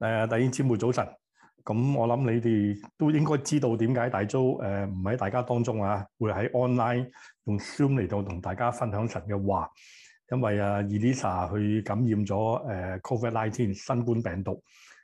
誒弟兄姊妹早晨，咁、嗯、我諗你哋都應該知道點解大租誒唔喺大家當中啊，會喺 online 用 Zoom 嚟到同大家分享神嘅話，因為啊 Elisa 去感染咗誒、呃、COVID-19 新冠病毒，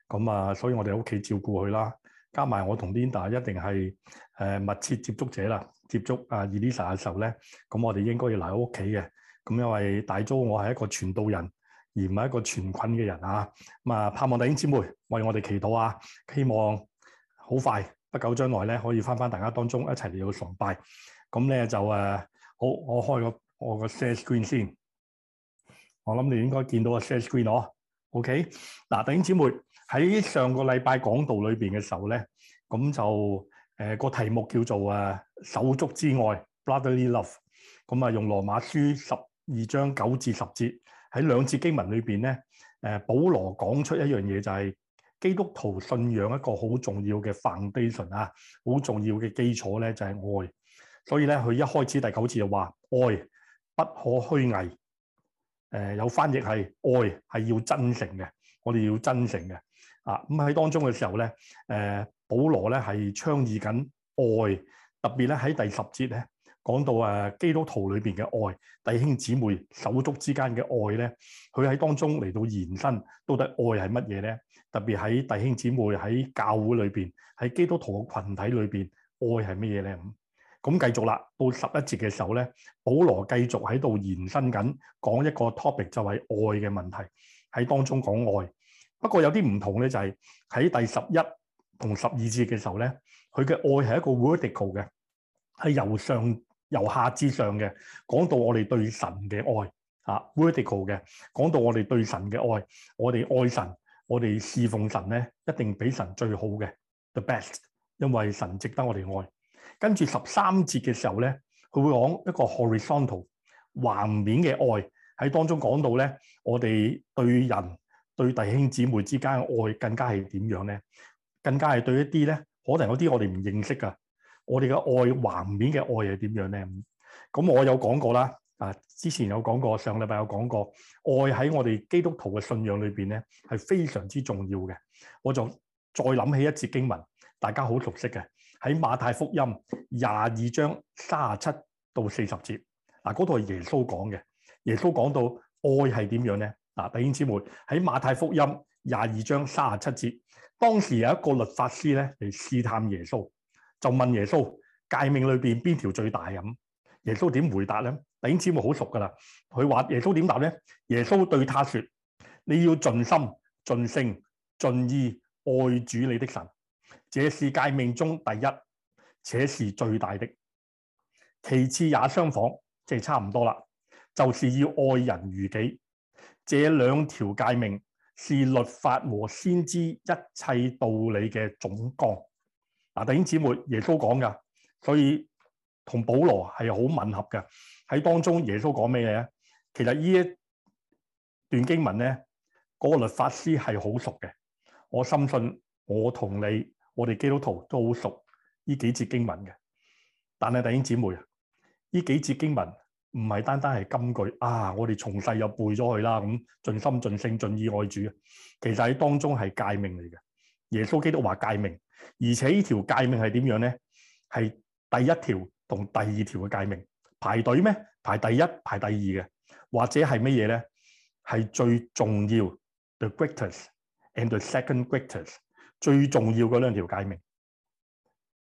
咁、嗯、啊，所以我哋喺屋企照顧佢啦，加埋我同 Linda 一定係誒、呃、密切接觸者啦，接觸啊 Elisa 嘅時候咧，咁、嗯、我哋應該要留喺屋企嘅，咁、嗯、因為大租我係一個傳道人。而唔係一個傳菌嘅人啊！咁啊，盼望弟兄姊妹為我哋祈禱啊！希望好快不久將來咧，可以翻翻大家當中一齊嚟到崇拜。咁咧就誒、啊、好，我開個我個 Share Screen 先。我諗你應該見到個 Share Screen 哦。OK，嗱、啊，弟兄姊妹喺上個禮拜講道裏邊嘅時候咧，咁就誒個、呃、題目叫做啊手足之愛 （Brotherly Love）。咁啊，用羅馬書十二章九至十節。喺兩節經文裏邊咧，誒保羅講出一樣嘢就係、是，基督徒信仰一個好重要嘅 foundation 啊，好重要嘅基礎咧就係愛。所以咧，佢一開始第九節就話愛不可虛偽。誒、呃、有翻譯係愛係要真誠嘅，我哋要真誠嘅。啊咁喺當中嘅時候咧，誒、呃、保羅咧係倡議緊愛，特別咧喺第十節咧。講到誒基督徒裏邊嘅愛，弟兄姊妹手足之間嘅愛咧，佢喺當中嚟到延伸，到底愛係乜嘢咧？特別喺弟兄姊妹喺教會裏邊，喺基督徒嘅群體裏邊，愛係乜嘢咧？咁咁繼續啦，到十一節嘅時候咧，保羅繼續喺度延伸緊，講一個 topic 就係愛嘅問題，喺當中講愛。不過有啲唔同咧，就係、是、喺第十一同十二節嘅時候咧，佢嘅愛係一個 vertical 嘅，係由上。由下至上嘅，講到我哋對神嘅愛，吓、啊、vertical 嘅，講到我哋對神嘅愛，我哋愛神，我哋侍奉神咧，一定俾神最好嘅，the best，因為神值得我哋愛。跟住十三節嘅時候咧，佢會講一個 horizontal 橫面嘅愛，喺當中講到咧，我哋對人、對弟兄姊妹之間嘅愛更加係點樣呢，更加係點樣咧？更加係對一啲咧，可能有啲我哋唔認識㗎。我哋嘅愛，橫面嘅愛係點樣咧？咁我有講過啦，啊之前有講過，上禮拜有講過，愛喺我哋基督徒嘅信仰裏面咧，係非常之重要嘅。我就再諗起一節經文，大家好熟悉嘅，喺馬太福音廿二章三十七到四十節，嗱，嗰度係耶穌講嘅。耶穌講到愛係點樣咧？嗱，弟兄姊妹喺馬太福音廿二章三十七節，當時有一個律法師咧，嚟試探耶穌。就問耶穌，誡命裏邊邊條最大咁？耶穌點回答咧？弟兄姊妹好熟噶啦。佢話耶穌點答咧？耶穌對他説：你要盡心、盡性、盡意愛主你的神，這是誡命中第一，且是最大的。其次也相仿，即係差唔多啦。就是要愛人如己。這兩條誡命是律法和先知一切道理嘅總綱。嗱，弟兄姊妹，耶穌講噶，所以同保羅係好吻合嘅。喺當中，耶穌講咩嘢咧？其實呢一段經文咧，嗰個律法師係好熟嘅。我深信，我同你，我哋基督徒都好熟呢幾節經文嘅。但係，弟兄姊妹，呢幾節經文唔係單單係金句啊！我哋從細又背咗佢啦，咁盡心盡性盡意愛主啊！其實喺當中係戒命嚟嘅。耶穌基督話誡命，而且條戒呢條誡命係點樣咧？係第一條同第二條嘅誡命。排隊咩？排第一、排第二嘅，或者係乜嘢咧？係最重要，the greatest and the second greatest 最重要嗰兩條誡命：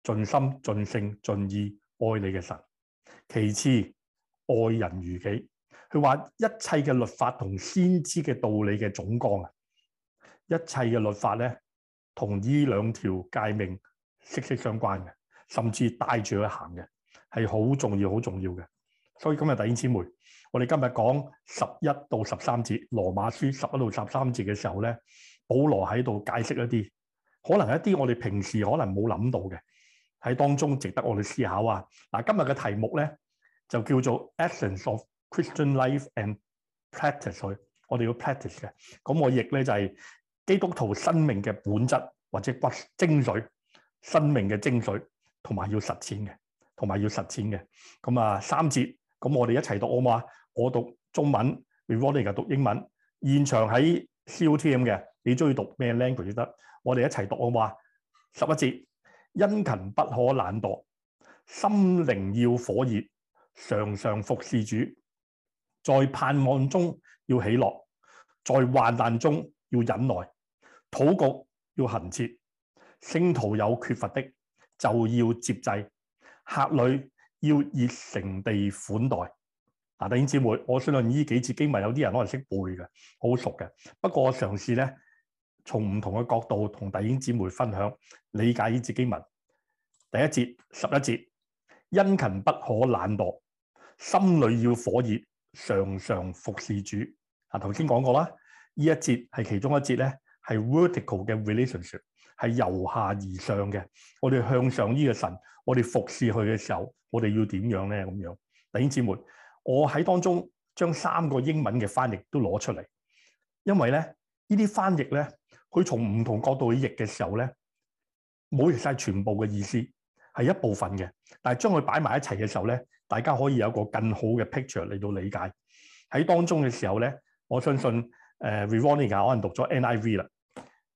盡心、盡性、盡意愛你嘅神。其次愛人如己。佢話一切嘅律法同先知嘅道理嘅總綱啊，一切嘅律法咧，同呢兩條誡命息息相關嘅，甚至帶住去行嘅，係好重要、好重要嘅。所以今日弟兄姊妹，我哋今日講十一到十三節《羅馬書》十一到十三節嘅時候咧，保羅喺度解釋一啲，可能一啲我哋平時可能冇諗到嘅喺當中值得我哋思考啊！嗱，今日嘅題目咧就叫做《Essence of Christian Life and Practice》，我哋要 practice 嘅。咁我譯咧就係、是。基督徒生命嘅本質或者骨精髓，生命嘅精髓，同埋要實踐嘅，同埋要實踐嘅。咁啊，三節，咁我哋一齊讀好唔好啊我讀中文，Rev. Won't 呢個讀英文，現場喺 COTM 嘅，你中意讀咩 language 都得。我哋一齊讀好唔好啊十一節，殷勤不可懶惰，心靈要火熱，常常服事主，在盼望中要喜樂，在患難中要忍耐。土局要行設，聖徒有缺乏的就要接濟。客旅要熱誠地款待。嗱，弟兄姊妹，我相信呢幾節經文有啲人可能識背嘅，好熟嘅。不過我嘗試咧，從唔同嘅角度同弟兄姊妹分享理解呢節經文。第一節十一節，殷勤不可懶惰，心裏要火熱，常常服侍主。嗱，頭先講過啦，呢一節係其中一節咧。係 vertical 嘅 relationship，係由下而上嘅。我哋向上呢個神，我哋服侍佢嘅時候，我哋要點樣咧？咁樣，弟兄姊妹，我喺當中將三個英文嘅翻譯都攞出嚟，因為咧呢啲翻譯咧，佢從唔同角度譯嘅時候咧，冇晒全部嘅意思，係一部分嘅，但係將佢擺埋一齊嘅時候咧，大家可以有個更好嘅 picture 嚟到理解。喺當中嘅時候咧，我相信誒、呃、Revonia 可能讀咗 N.I.V. 啦。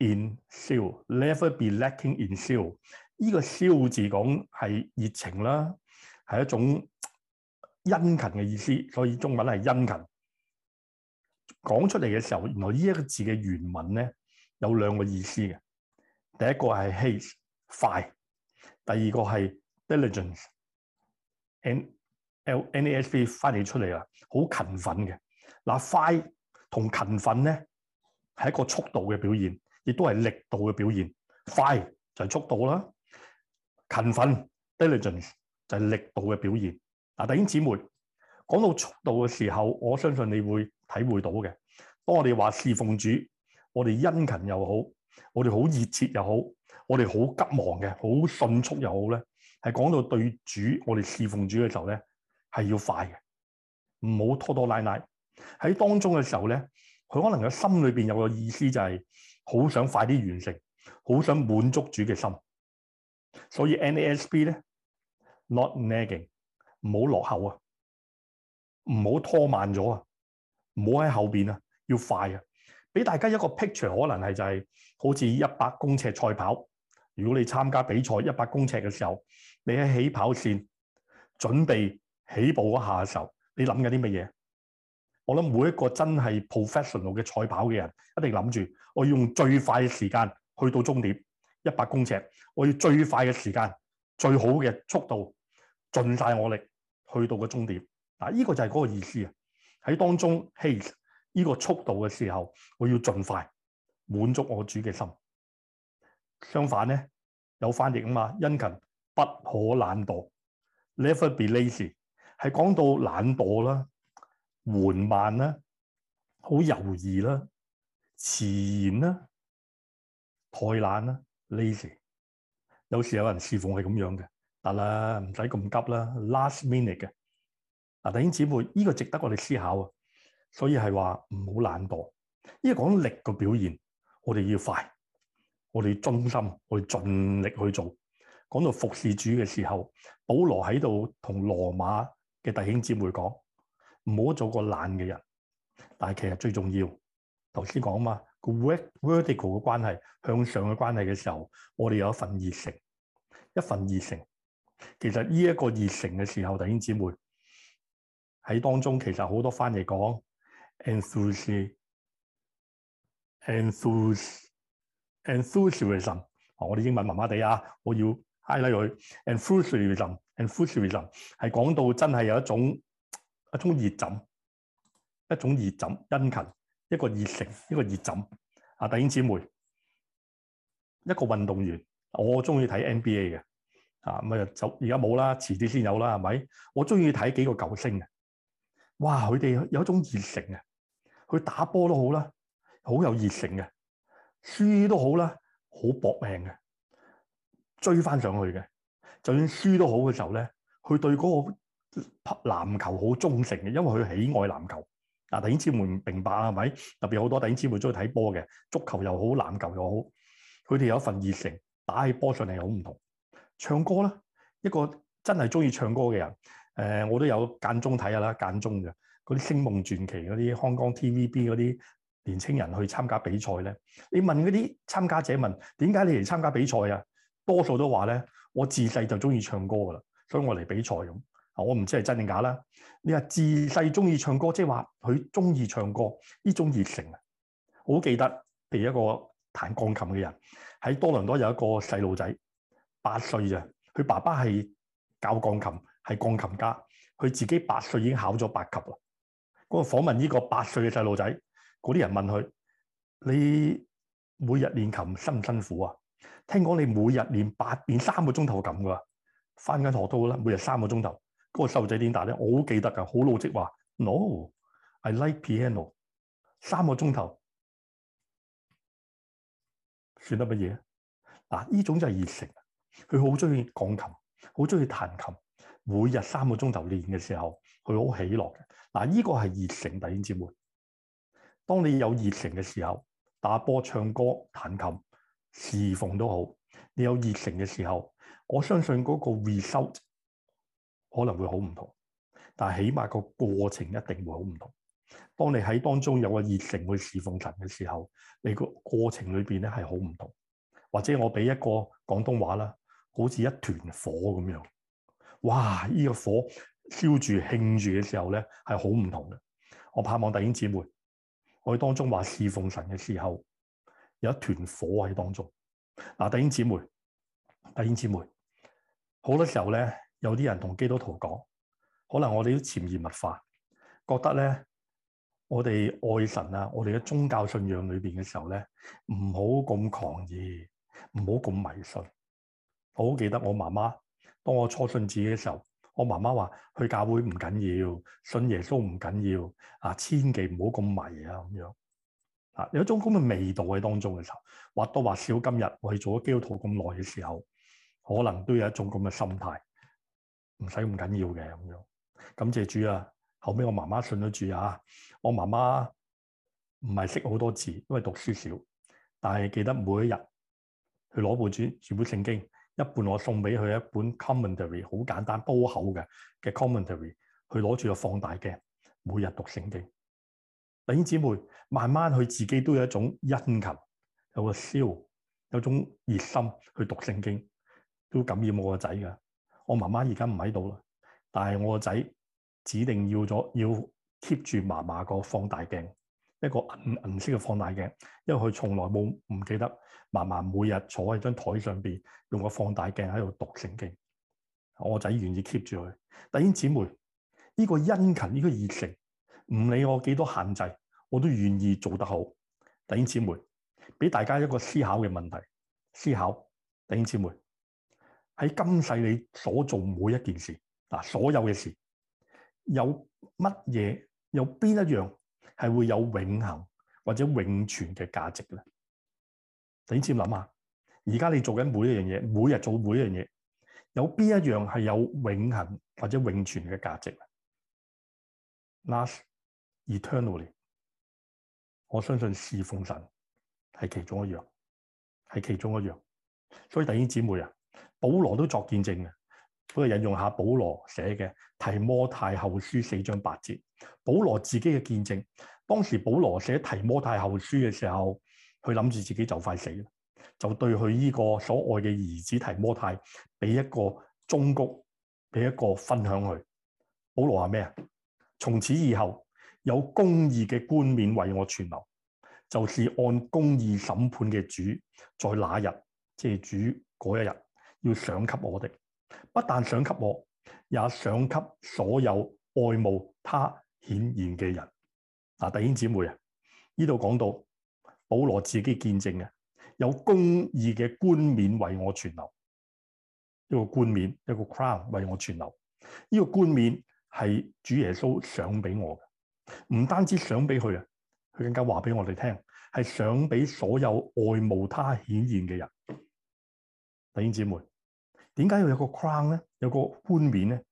In zeal, never be lacking in zeal。這個。呢個 zeal 字講係熱情啦，係一種殷勤嘅意思，所以中文係殷勤。講出嚟嘅時候，原來呢一個字嘅原文咧有兩個意思嘅。第一個係 haste，快；第二個係 diligence，NASB 翻譯出嚟啊，好勤奮嘅。嗱，快同勤奮咧係一個速度嘅表現。亦都係力度嘅表現，快就係速度啦。勤奮 （diligence） 就係力度嘅表現。嗱，弟兄姊妹講到速度嘅時候，我相信你會體會到嘅。當我哋話侍奉主，我哋殷勤又好，我哋好熱切又好，我哋好急忙嘅，好迅速又好咧，係講到對主我哋侍奉主嘅時候咧，係要快嘅，唔好拖拖拉拉，喺當中嘅時候咧，佢可能喺心裏邊有個意思就係、是。好想快啲完成，好想滿足主嘅心，所以 NASB 咧，not nagging，唔好落後啊，唔好拖慢咗啊，唔好喺後邊啊，要快啊！俾大家一個 picture，可能係就係、是、好似一百公尺賽跑，如果你參加比賽一百公尺嘅時候，你喺起跑線準備起步嗰下嘅時候，你諗緊啲乜嘢？我諗每一個真係 professional 嘅賽跑嘅人，一定諗住我要用最快嘅時間去到終點，一百公尺，我要最快嘅時間、最好嘅速度，盡晒我力去到個終點。嗱、啊，依、呢個就係嗰個意思啊！喺當中，希呢個速度嘅時候，我要盡快滿足我主嘅心。相反咧，有翻譯啊嘛，殷勤不可懶惰，never be lazy，係講到懶惰啦。緩慢啦，好猶豫啦，遲延啦，怠懶啦，lazy。有時有人侍奉係咁樣嘅，得啦，唔使咁急啦，last minute 嘅。啊，弟兄姊妹，呢個值得我哋思考啊。所以係話唔好懶惰，呢個講力個表現，我哋要快，我哋要忠心，我哋要盡力去做。講到服侍主嘅時候，保羅喺度同羅馬嘅弟兄姊妹講。唔好做個懶嘅人，但係其實最重要，頭先講啊嘛，個 vertical 嘅關係向上嘅關係嘅時候，我哋有一份熱誠，一份熱誠。其實呢一個熱誠嘅時候，弟兄姊妹喺當中其實好多翻嚟講 enthusi enthusiasm，我哋英文麻麻地啊，我，我要 highlight 佢 enthusiasm enthusiasm en 係講到真係有一種。一種熱忱，一種熱忱殷勤，一個熱誠，一個熱忱。啊，弟兄姊妹，一個運動員，我中意睇 NBA 嘅，啊咁啊就而家冇啦，遲啲先有啦，係咪？我中意睇幾個球星嘅，哇！佢哋有一種熱誠嘅，佢打波都好啦，好有熱誠嘅，輸都好啦，好搏命嘅，追翻上去嘅，就算輸都好嘅時候咧，佢對嗰個。拍籃球好忠誠嘅，因為佢喜愛籃球啊！弟兄姊妹明白係咪？特別好多弟兄姊妹中意睇波嘅，足球又好，籃球又好，佢哋有份熱誠，打喺波上嚟好唔同。唱歌咧，一個真係中意唱歌嘅人，誒、呃，我都有間中睇下啦，間中嘅嗰啲星夢傳奇嗰啲，康江 T V B 嗰啲年青人去參加比賽咧。你問嗰啲參加者問點解你嚟參加比賽啊？多數都話咧，我自細就中意唱歌噶啦，所以我嚟比賽咁。我唔知係真定假啦。你話自細鍾意唱歌，即係話佢鍾意唱歌呢種熱誠啊，我好記得。譬如一個彈鋼琴嘅人，喺多倫多有一個細路仔，八歲啊。佢爸爸係教鋼琴，係鋼琴家。佢自己八歲已經考咗八級啦。嗰個訪問呢個八歲嘅細路仔，嗰啲人問佢：你每日練琴辛唔辛苦啊？聽講你每日練八練三個鐘頭咁嘅，返緊學都啦，每日三個鐘頭。個瘦仔點打咧？我好記得㗎，好老實話，No，I like piano 三個鐘頭算得乜嘢？嗱，呢種就係熱誠，佢好中意鋼琴，好中意彈琴，每日三個鐘頭練嘅時候，佢好喜樂嘅。嗱，呢、這個係熱誠第一之門。當你有熱誠嘅時候，打波、唱歌、彈琴、侍奉都好。你有熱誠嘅時候，我相信嗰個 result。可能會好唔同，但係起碼個過程一定會好唔同。當你喺當中有個熱誠去侍奉神嘅時候，你個過程裏邊咧係好唔同。或者我俾一個廣東話啦，好似一團火咁樣，哇！呢、這個火燒住、興住嘅時候咧係好唔同嘅。我盼望弟兄姊妹，我哋當中話侍奉神嘅時候，有一團火喺當中。嗱、啊，弟兄姊妹，弟兄姊妹，好多時候咧～有啲人同基督徒講，可能我哋都潛移默化覺得咧，我哋愛神啊，我哋嘅宗教信仰裏邊嘅時候咧，唔好咁狂熱，唔好咁迷信。我好記得我媽媽當我初信主嘅時候，我媽媽話去教會唔緊要，信耶穌唔緊要啊，千祈唔好咁迷啊咁樣啊。有一種咁嘅味道喺當中嘅時候，或多或少今日我去做咗基督徒咁耐嘅時候，可能都有一種咁嘅心態。唔使咁緊要嘅咁樣，感謝主啊！後尾我媽媽信咗主啊！我媽媽唔係識好多字，因為讀書少，但係記得每一日去攞部主主本聖經，一半我送俾佢一本 commentary，好簡單、鋪口嘅嘅 commentary，去攞住個放大鏡，每日讀聖經。弟兄姊妹慢慢佢自己都有一種殷勤，有個燒，有種熱心去讀聖經，都感染我個仔㗎。我媽媽而家唔喺度啦，但係我個仔指定要咗要 keep 住嫲嫲個放大鏡，一個銀銀色嘅放大鏡，因為佢從來冇唔記得嫲嫲每日坐喺張台上邊用個放大鏡喺度讀聖經。我個仔願意 keep 住佢。弟兄姊妹，呢個殷勤，呢個熱誠，唔理我幾多限制，我都願意做得好。弟兄姊妹，俾大家一個思考嘅問題，思考。弟兄姊妹。喺今世你所做每一件事嗱，所有嘅事有乜嘢，有邊一樣係會有永恆或者永存嘅價值咧？弟兄姊妹諗下，而家你做緊每一樣嘢，每日做每一樣嘢，有邊一樣係有永恆或者永存嘅價值咧？Last eternally，我相信侍奉神係其中一樣，係其中一樣。所以弟兄姊妹啊～保羅都作見證嘅，不過引用下保羅寫嘅《提摩太後書》四章八節，保羅自己嘅見證。當時保羅寫《提摩太後書》嘅時候，佢諗住自己就快死啦，就對佢呢個所愛嘅兒子提摩太，俾一個忠告，俾一個分享佢。保羅話咩啊？從此以後，有公義嘅冠冕為我存留，就是按公義審判嘅主，在那日，即係主嗰一日。要賞給我哋，不但賞給我，也賞給所有愛慕他顯現嘅人。嗱，弟兄姊妹啊，呢度講到保羅自己見證嘅，有公義嘅冠冕為我存留。一個冠冕，一個 crown 為我存留。呢、這個冠冕係主耶穌賞俾我嘅，唔單止賞俾佢啊，佢更加話俾我哋聽，係賞俾所有愛慕他顯現嘅人。弟兄姊妹，點解要有一個框咧有個冠冕咧，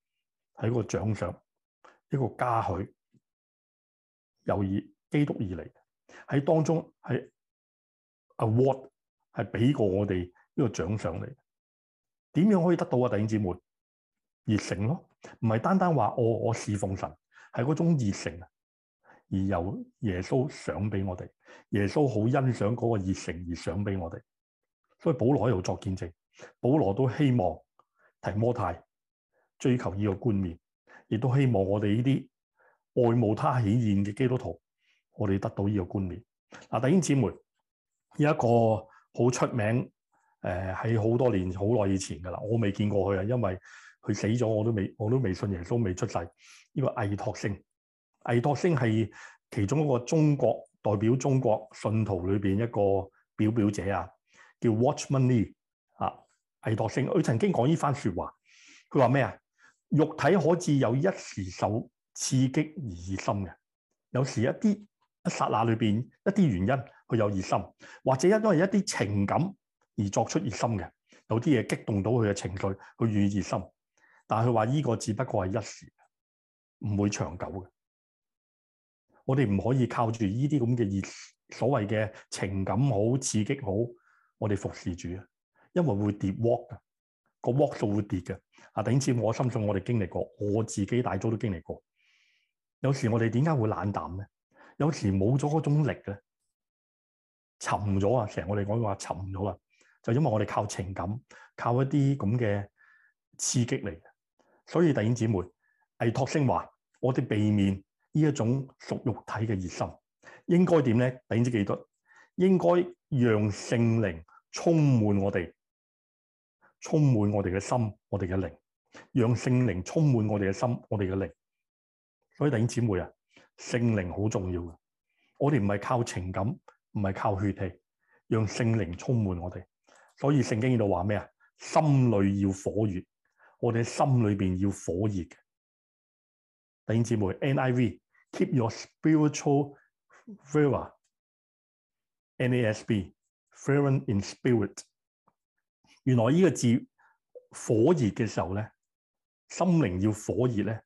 係一個獎賞，一個嘉許，由以基督而嚟。喺當中係 award 係俾過我哋呢個獎賞嚟。點樣可以得到啊？弟兄姊妹，熱誠咯，唔係單單話，oh, 我我侍奉神，係嗰種熱誠，而由耶穌賞俾我哋。耶穌好欣賞嗰個熱誠而賞俾我哋，所以保羅喺度作見證。保羅都希望提摩太追求呢個冠冕，亦都希望我哋呢啲愛慕他顯現嘅基督徒，我哋得到呢個冠冕。嗱，弟兄姊妹，有、這、一個好出名，誒喺好多年好耐以前噶啦，我未見過佢啊，因為佢死咗，我都未，我都未信耶穌，未出世。呢個魏托星，魏托星係其中一個中國代表，中國信徒裏邊一個表表者啊，叫 Watchman Lee。迷惑性，佢曾經講呢番説話，佢話咩啊？肉體可以有一時受刺激而熱心嘅，有時一啲一剎那裏邊一啲原因，佢有熱心，或者因為一啲情感而作出熱心嘅，有啲嘢激動到佢嘅情緒，佢遇熱心。但係佢話呢個只不過係一時，唔會長久嘅。我哋唔可以靠住呢啲咁嘅熱，所謂嘅情感好刺激好，我哋服侍住啊！因為會跌 walk 嘅個 walk 數會跌嘅啊！弟兄姊妹我深信我哋經歷過，我自己大早都經歷過。有時我哋點解會冷淡咧？有時冇咗嗰種力咧，沉咗啊！成日我哋講話沉咗啦，就是、因為我哋靠情感，靠一啲咁嘅刺激嚟嘅。所以弟兄姊妹，為托昇華，我哋避免呢一種屬肉體嘅熱心，應該點咧？弟兄姊妹記得，應該讓聖靈充滿我哋。充滿我哋嘅心，我哋嘅靈，讓聖靈充滿我哋嘅心，我哋嘅靈。所以弟兄姊妹啊，聖靈好重要嘅。我哋唔係靠情感，唔係靠血氣，讓聖靈充滿我哋。所以聖經呢度話咩啊？心裏要火熱，我哋心裏邊要火熱嘅。弟兄姊妹，NIV keep your spiritual fervor，NASB fervent in spirit。原來呢個字火熱嘅時候咧，心靈要火熱咧，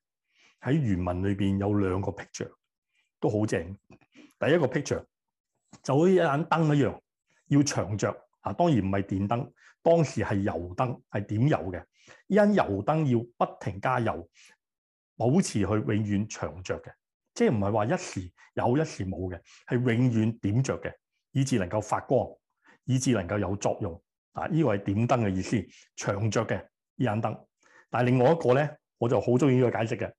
喺原文裏邊有兩個 picture，都好正。第一個 picture 就好似一盞燈一樣，要長着啊。當然唔係電燈，當時係油燈，係點油嘅。因油燈要不停加油，保持佢永遠長着嘅，即係唔係話一時有一時冇嘅，係永遠點着嘅，以至能夠發光，以至能夠有作用。啊！依、這個係點燈嘅意思，長着嘅依盞燈。但係另外一個咧，我就好中意呢個解釋嘅，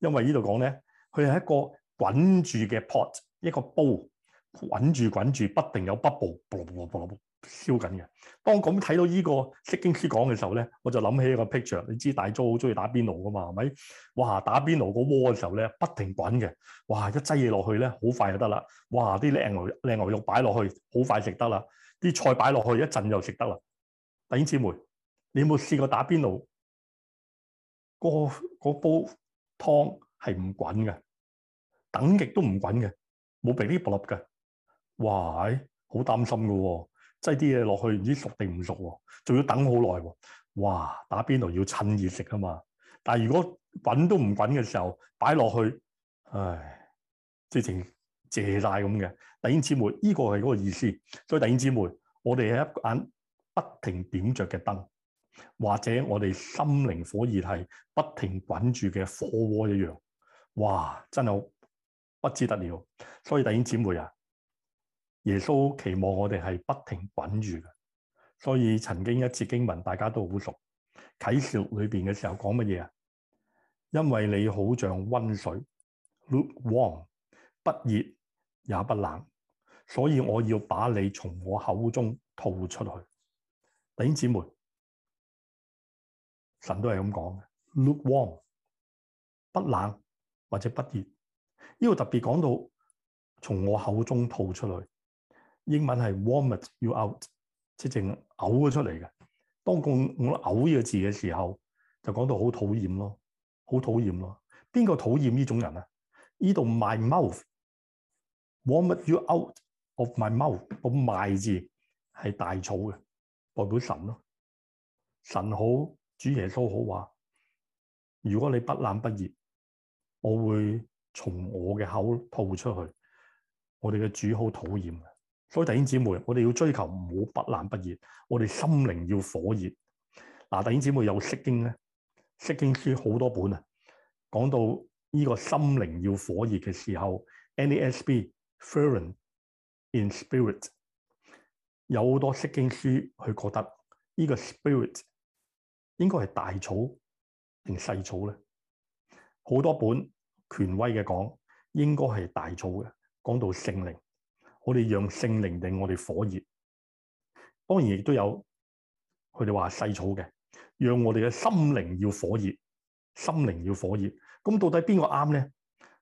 因為呢度講咧，佢係一個滾住嘅 pot，一個煲滾住滾住，不停有 bubble，不羅不羅不燒緊嘅。當我咁睇到呢、這個釋經書講嘅時候咧，我就諗起一個 picture。你知大佐好中意打邊爐噶嘛？係咪？哇！打邊爐個鍋嘅時候咧，不停滾嘅。哇！一擠嘢落去咧，好快就得啦。哇！啲靚牛靚牛肉擺落去，好快食得啦。啲菜擺落去一陣又食得啦，弟兄姊妹，你有冇試過打邊爐？嗰個嗰個煲湯係唔滾嘅，等極都唔滾嘅，冇俾啲薄粒嘅。哇！好擔心嘅喎、哦，即係啲嘢落去唔知熟定唔熟喎，仲要等好耐喎。哇！打邊爐要趁熱食啊嘛，但係如果滾都唔滾嘅時候擺落去，唉，啲情～謝晒咁嘅，弟兄姊妹，呢個係嗰個意思。所以弟兄姊妹，我哋係一盞不停點着嘅燈，或者我哋心靈火熱係不停滾住嘅火鍋一樣。哇，真係好不知得了。所以弟兄姊妹啊，耶穌期望我哋係不停滾住嘅。所以曾經一次經文大家都好熟，啟示錄裏邊嘅時候講乜嘢啊？因為你好像溫水，lukewarm，不熱。也不冷，所以我要把你從我口中吐出去。弟兄姊妹，神都係咁講嘅。Look warm，不冷或者不熱。呢度特別講到從我口中吐出去，英文係 warm it you out，即係淨嘔咗出嚟嘅。當講我嘔呢個字嘅時候，就講到好討厭咯，好討厭咯。邊個討厭呢種人咧？呢度 my mouth。warm it you out of my mouth。個 my 字係大草嘅，代表神咯、啊。神好，主耶穌好話：，如果你不冷不熱，我會從我嘅口吐出去。我哋嘅主好討厭嘅，所以弟兄姊妹，我哋要追求唔好不冷不熱，我哋心靈要火熱。嗱、啊，弟兄姊妹有釋經咧，釋經書好多本啊，講到呢個心靈要火熱嘅時候，NASB。NAS B, fervent in spirit，有好多釋經書佢覺得呢個 spirit 應該係大草定細草咧？好多本權威嘅講應該係大草嘅，講到聖靈，我哋讓聖靈令我哋火熱，當然亦都有佢哋話細草嘅，讓我哋嘅心靈要火熱，心靈要火熱，咁到底邊個啱咧？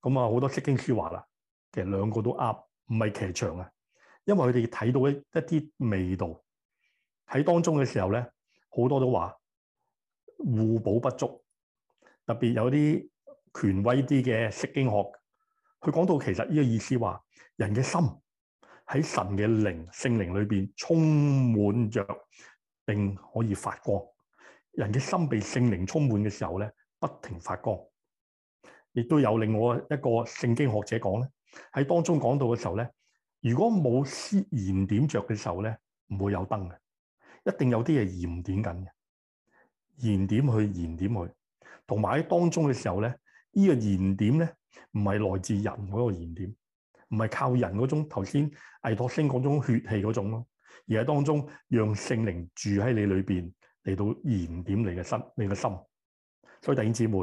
咁啊，好多釋經書話啦。其實兩個都啱，唔係騎牆啊。因為佢哋睇到一一啲味道喺當中嘅時候咧，好多都話互補不足。特別有啲權威啲嘅釋經學，佢講到其實呢個意思話，人嘅心喺神嘅靈聖靈裏邊充滿着，並可以發光。人嘅心被聖靈充滿嘅時候咧，不停發光。亦都有另外一個聖經學者講咧。喺當中講到嘅時候咧，如果冇燃點着嘅時候咧，唔會有燈嘅，一定有啲嘢燃點緊嘅，燃點去燃點去，同埋喺當中嘅時候咧，呢個燃點咧唔係來自人嗰個燃點，唔係靠人嗰種頭先艾托星嗰種血氣嗰種咯，而係當中讓聖靈住喺你裏邊嚟到燃點你嘅心，你嘅心。所以弟兄姊妹，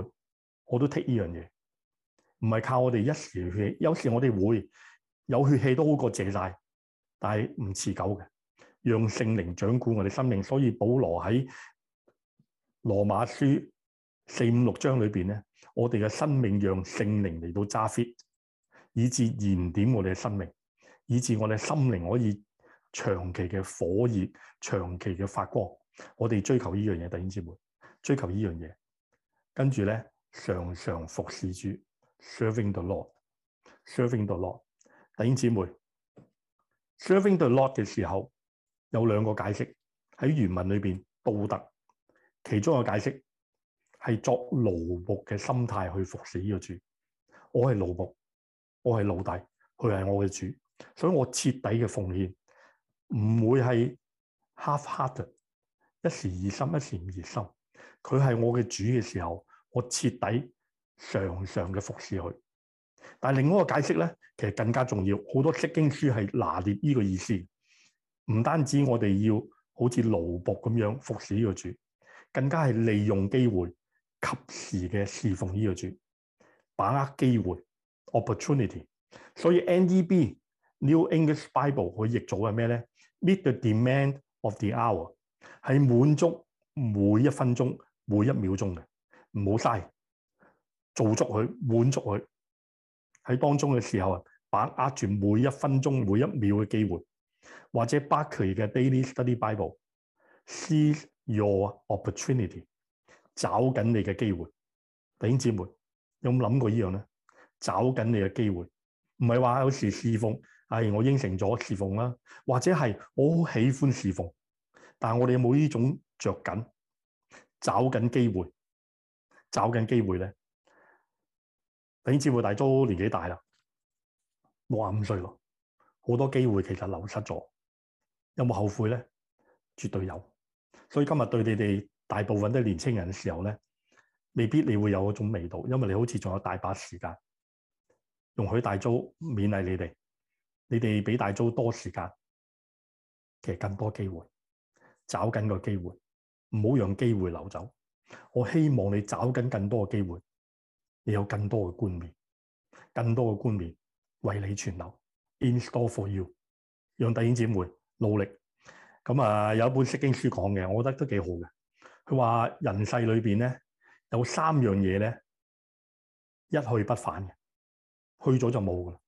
我都 take 呢樣嘢。唔係靠我哋一時血氣，有時我哋會有血氣都好過借晒，但係唔持久嘅。讓聖靈掌管我哋生命，所以保羅喺羅馬書四五六章裏邊咧，我哋嘅生命讓聖靈嚟到揸 fit，以至燃點我哋嘅生命，以至我哋嘅心靈可以長期嘅火熱，長期嘅發光。我哋追求呢樣嘢，弟兄姊妹，追求呢樣嘢，跟住咧常常服侍主。serving the Lord，serving the Lord，弟兄姊妹，serving the Lord 嘅時候有兩個解釋喺原文裏邊，道德其中嘅解釋係作奴僕嘅心態去服侍呢個主，我係奴僕，我係奴弟，佢係我嘅主，所以我徹底嘅奉獻唔會係 h a l f h e a r t 一時熱心一時唔熱心，佢係我嘅主嘅時候，我徹底。常常嘅服侍佢，但係另一個解釋咧，其實更加重要。好多釋經書係拿捏呢個意思，唔單止我哋要好似奴僕咁樣服侍呢個主，更加係利用機會，及時嘅侍奉呢個主，把握機會 （opportunity）。所以 NEB New English Bible 可以譯做係咩咧？Meet the demand of the hour 係滿足每一分鐘、每一秒鐘嘅，唔好嘥。做足佢，滿足佢喺當中嘅時候啊，把握住每一分鐘、每一秒嘅機會，或者 Barclay 嘅 Daily Study Bible，Seize your opportunity，找緊你嘅機會。弟兄姊妹有冇諗過樣呢樣咧？找緊你嘅機會。唔係話有時侍奉係、哎、我應承咗侍奉啦，或者係我好喜歡侍奉，但係我哋有冇呢種着緊，找緊機會，找緊機會咧？等住會大租年紀大啦，冇話五歲咯。好多機會其實流失咗，有冇後悔咧？絕對有。所以今日對你哋大部分都係年青人嘅時候咧，未必你會有嗰種味道，因為你好似仲有大把時間容許大租勉勵你哋，你哋俾大租多時間，其實更多機會，找緊個機會，唔好讓機會流走。我希望你找緊更多嘅機會。你有更多嘅冠冕，更多嘅冠冕，為你存留，in store for you。讓弟兄姐妹努力。咁啊，有一本釋經書講嘅，我覺得都幾好嘅。佢話人世裏面咧，有三樣嘢咧，一去不返嘅，去咗就冇噶啦，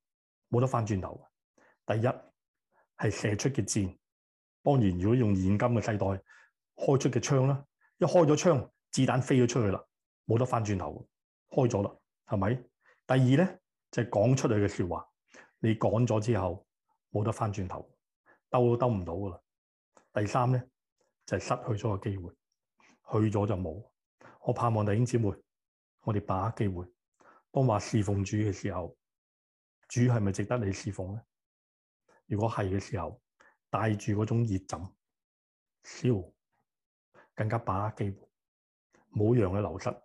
冇得翻轉頭。第一係射出嘅箭，當然如果用現今嘅世代開出嘅槍啦，一開咗槍，子彈飛咗出去啦，冇得翻轉頭。開咗啦，係咪？第二咧，就係講出嚟嘅說話，你講咗之後冇得翻轉頭，兜都兜唔到噶啦。第三咧，就係失去咗個機會，去咗就冇。我盼望弟兄姊妹，我哋把握機會，當話侍奉主嘅時候，主係咪值得你侍奉咧？如果係嘅時候，帶住嗰種熱枕、燒，更加把握機會，冇讓佢流失。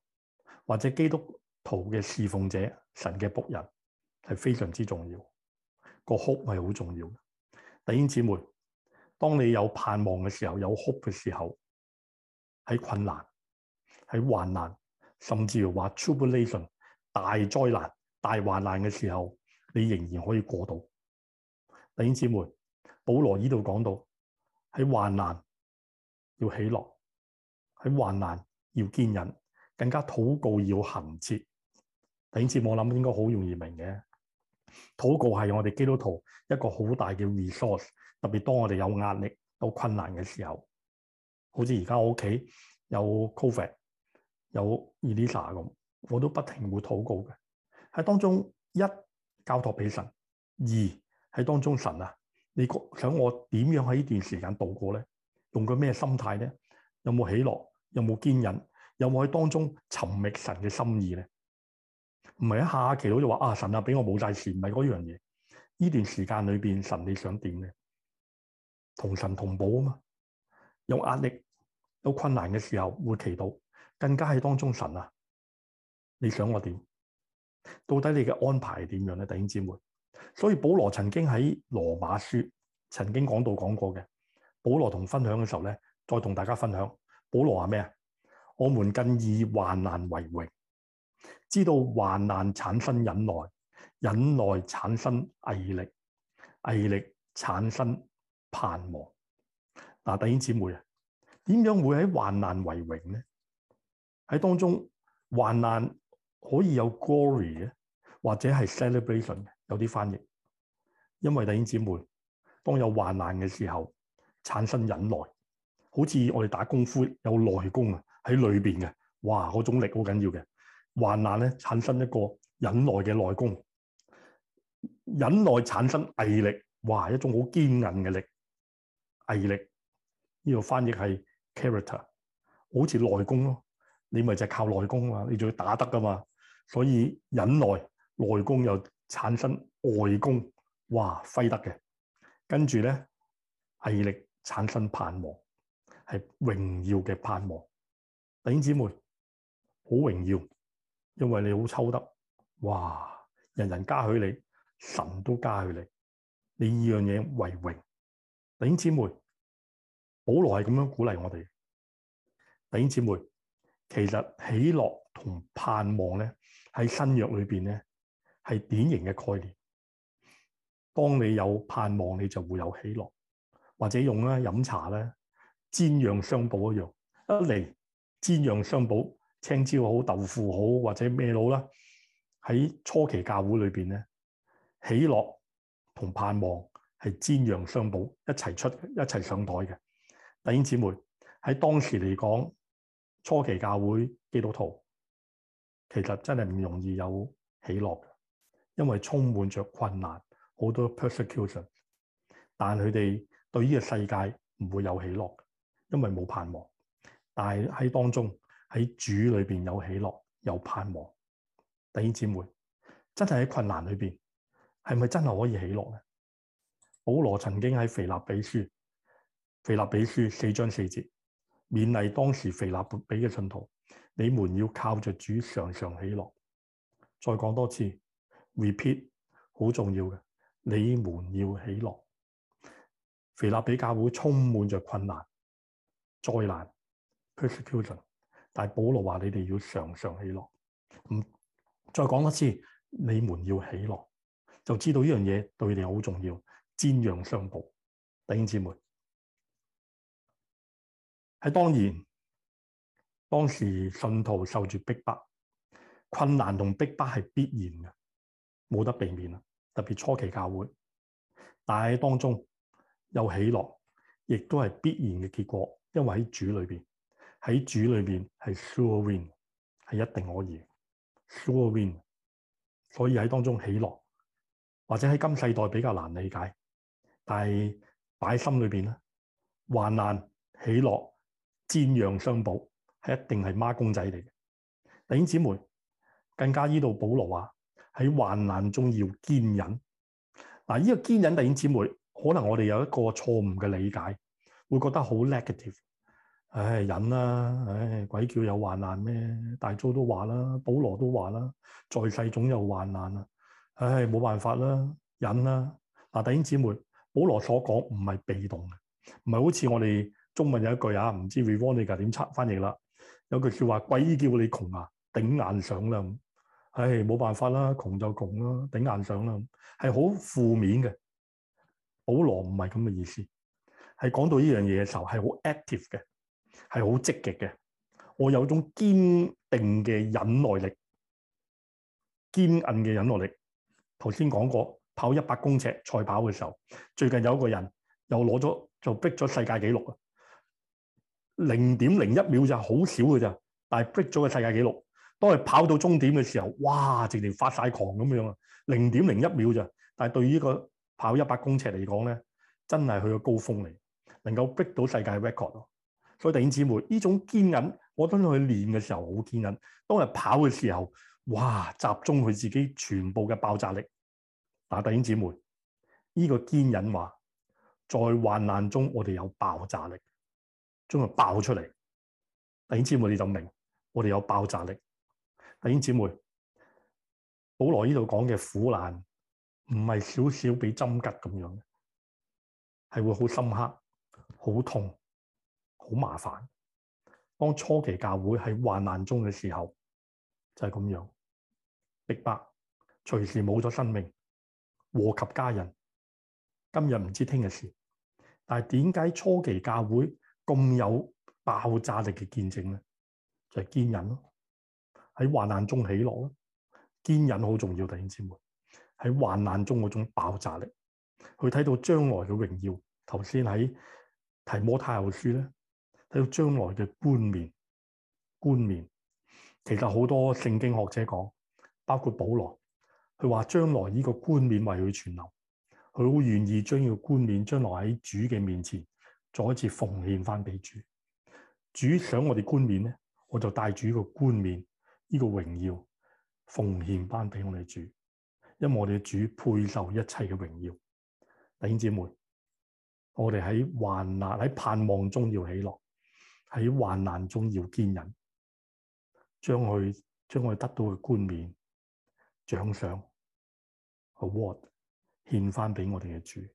或者基督徒嘅侍奉者、神嘅僕人係非常之重要，個 hope 係好重要。弟兄姊妹，當你有盼望嘅時候，有 hope 嘅時候，喺困難、喺患難，甚至乎話 tribulation 大災難、大患難嘅時候，你仍然可以過到。弟兄姊妹，保羅呢度講到喺患難要喜樂，喺患難要堅忍。更加禱告要恆切，恆切我諗應該好容易明嘅。禱告係我哋基督徒一個好大嘅 resource，特別當我哋有壓力、有困難嘅時候，好似而家我屋企有 COVID、有 Elisa 咁，我都不停會禱告嘅。喺當中一交託俾神，二喺當中神啊，你想我點樣喺呢段時間度過咧？用個咩心態咧？有冇喜樂？有冇堅忍？有冇喺當中尋覓神嘅心意咧？唔係一下祈到就話啊！神啊，俾我冇晒事，唔係嗰樣嘢。呢段時間裏邊，神你想點咧？同神同步啊嘛！有壓力、有困難嘅時候會祈禱，更加喺當中，神啊，你想我點？到底你嘅安排係點樣咧？弟兄姊妹，所以保羅曾經喺羅馬書曾經講到講過嘅，保羅同分享嘅時候咧，再同大家分享，保羅話咩啊？我們更以患難為榮，知道患難產生忍耐，忍耐產生毅力，毅力產生盼望。嗱、啊，弟兄姊妹啊，點樣會喺患難為榮咧？喺當中患難可以有 glory 嘅，或者係 celebration 有啲翻譯。因為弟兄姊妹當有患難嘅時候，產生忍耐，好似我哋打功夫有內功啊！喺裏邊嘅，哇！嗰種力好緊要嘅，患難咧產生一個忍耐嘅內功，忍耐產生毅力，哇！一種好堅韌嘅力，毅力呢個翻譯係 character，好似內功咯，你咪就係靠內功啊嘛，你仲要打得噶嘛，所以忍耐內功又產生外功，哇！揮得嘅，跟住咧毅力產生盼望，係榮耀嘅盼望。弟兄姊妹，好榮耀，因為你好抽得，哇！人人加許你，神都加許你，你依樣嘢為榮。弟兄姊妹，保羅係咁樣鼓勵我哋。弟兄姊妹，其實喜樂同盼望咧，喺新約裏邊咧係典型嘅概念。當你有盼望，你就會有喜樂，或者用啦飲茶咧，煎釀三寶一樣，一嚟。煎釀三寶，青椒好、豆腐好、或者咩佬啦。喺初期教會裏邊咧，喜樂同盼望係煎釀三寶，一齊出、一齊上台嘅。弟兄姊妹，喺當時嚟講，初期教會基督徒其實真係唔容易有喜樂，因為充滿着困難，好多 persecution。但佢哋對呢個世界唔會有喜樂，因為冇盼望。但係喺當中喺主裏邊有喜樂有盼望。弟兄姊妹真係喺困難裏邊係咪真係可以喜樂咧？保羅曾經喺腓立比書，腓立比書四章四節勉勵當時腓立比嘅信徒，你們要靠着主常常喜樂。再講多次，repeat 好重要嘅，你們要喜樂。腓立比教會充滿着困難、災難。Persecution，但係保羅話：你哋要常常喜樂。再講一次，你們要喜樂，就知道呢樣嘢對你哋好重要。瞻仰相報，弟兄姊妹喺當然當時信徒受住逼迫，迫，困難同逼迫係必然嘅，冇得避免啊。特別初期教會，但係當中有喜樂，亦都係必然嘅結果，因為喺主裏邊。喺主裏邊係 sure win，係一定可以 sure win，所以喺當中起落，或者喺今世代比較難理解，但係擺心裏邊咧，患難起落，瞻仰相補，係一定係孖公仔嚟嘅。弟兄姊妹更加依度保羅話喺患難中要堅忍，嗱、這、呢個堅忍弟兄姊妹，可能我哋有一個錯誤嘅理解，會覺得好 negative。唉，忍啦！唉，鬼叫有患難咩？大租都話啦，保羅都話啦，在世總有患難啊！唉，冇辦法啦，忍啦！嗱，弟兄姊妹，保羅所講唔係被動嘅，唔係好似我哋中文有一句啊，唔知 reward 你噶點測翻譯啦？有句說話，鬼叫你窮啊，頂硬上啦！唉，冇辦法啦，窮就窮啦，頂硬上啦，係好負面嘅。保羅唔係咁嘅意思，係講到呢樣嘢嘅時候係好 active 嘅。係好積極嘅，我有種堅定嘅忍耐力、堅韌嘅忍耐力。頭先講過跑一百公尺賽跑嘅時候，最近有一個人又攞咗就逼咗世界紀錄啊！零點零一秒就好少嘅咋，但係逼咗個世界紀錄。當佢跑到終點嘅時候，哇！直情發晒狂咁樣啊！零點零一秒咋，但係對於個跑一百公尺嚟講咧，真係佢個高峰嚟，能夠逼到世界 record。所以弟兄姊妹，呢種堅韌，我當佢練嘅時候好堅韌。當佢跑嘅時候，哇！集中佢自己全部嘅爆炸力。嗱，弟兄姊妹，呢、這個堅韌話，在患難中我哋有爆炸力，將佢爆出嚟。弟兄姊妹，你就明我哋有爆炸力。弟兄姊妹，保羅呢度講嘅苦難，唔係少少俾針吉咁樣嘅，係會好深刻、好痛。好麻煩。當初期教會喺患難中嘅時候，就係咁樣，逼迫隨時冇咗生命，禍及家人。今日唔知聽日事，但係點解初期教會咁有爆炸力嘅見證咧？就係堅忍咯，喺患難中起落咯。堅忍好重要，弟兄姊妹喺患難中嗰種爆炸力，去睇到將來嘅榮耀。頭先喺提摩太後書咧。睇到將來嘅冠冕，冠冕，其實好多聖經學者講，包括保羅，佢話將來呢個冠冕為佢存留，佢好願意將呢個冠冕將來喺主嘅面前再一次奉獻翻俾主。主想我哋冠冕咧，我就帶住呢個冠冕，呢個榮耀奉獻翻俾我哋主，因為我哋主配受一切嘅榮耀。弟兄姐妹，我哋喺患難喺盼望中要起落。喺患難中要堅忍，將佢將佢得到嘅冠冕、獎賞、award 獻翻畀我哋嘅主，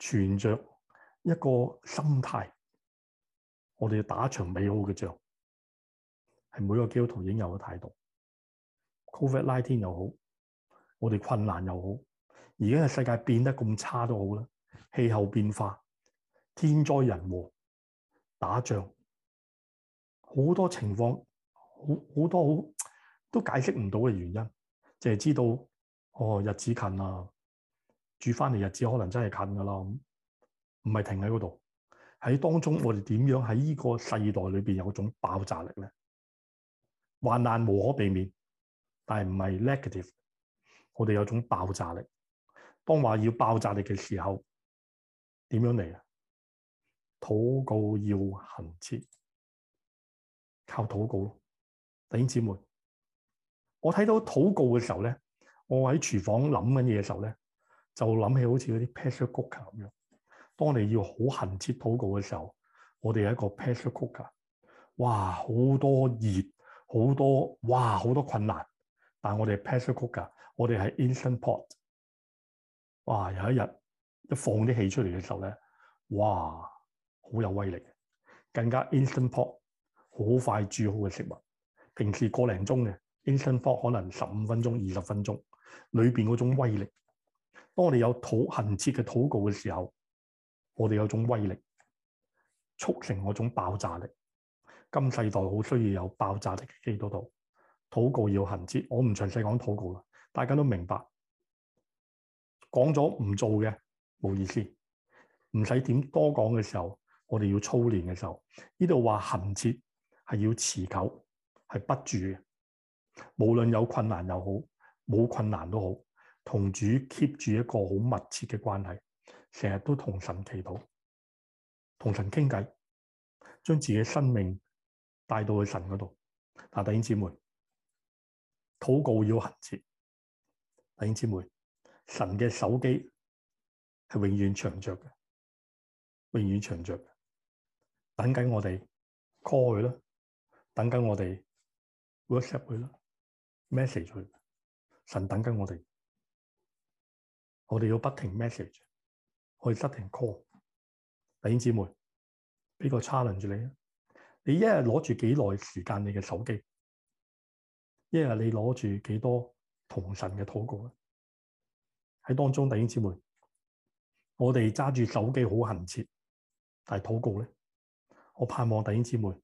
存着一個心態，我哋要打場美好嘅仗，係每個基督徒應有嘅態度。COVID-19 又好，我哋困難又好，而家嘅世界變得咁差都好啦，氣候變化、天災人禍、打仗。好多情況，好好多好都解釋唔到嘅原因，淨係知道哦，日子近啦，住翻嚟日子可能真係近噶啦，唔係停喺嗰度。喺當中我哋點樣喺呢個世代裏邊有種爆炸力咧？患難無可避免，但係唔係 negative，我哋有種爆炸力。當話要爆炸力嘅時候，點樣嚟啊？禱告要恆切。靠禱告，弟兄姊妹，我睇到禱告嘅時候咧，我喺廚房諗緊嘢嘅時候咧，就諗起好似嗰啲 pressure cooker 咁樣。當你要好恆切禱告嘅時候，我哋係一個 pressure cooker，哇，好多熱，好多，哇，好多困難，但係我哋係 pressure cooker，我哋係 instant pot，哇，有一日一放啲氣出嚟嘅時候咧，哇，好有威力，更加 instant pot。好快煮好嘅食物，平時個零鐘嘅 Instant Pot 可能十五分鐘、二十分鐘，裏邊嗰種威力。當我哋有土恆切嘅禱告嘅時候，我哋有種威力，促成嗰種爆炸力。今世代好需要有爆炸力嘅基督徒，禱告要恆切，我唔詳細講禱告啦，大家都明白。講咗唔做嘅冇意思，唔使點多講嘅時候，我哋要操練嘅時候，呢度話恆切。係要持久，係不住嘅。無論有困難又好，冇困難都好，同主 keep 住一個好密切嘅關係，成日都同神祈禱，同神傾偈，將自己嘅生命帶到去神嗰度。嗱，弟兄姊妹，禱告要恆切。弟兄姊妹，神嘅手機係永遠長着嘅，永遠長着嘅。等緊我哋 call 佢啦。等緊我哋 WhatsApp 佢啦 message 佢。神等緊我哋，我哋要不停 message，去不停 call。弟兄姊妹，俾個 challenge 你啊！你一日攞住幾耐時間你嘅手機？一日你攞住幾多同神嘅禱告咧？喺當中，弟兄姊妹，我哋揸住手機好懇切，但係禱告咧，我盼望弟兄姊妹。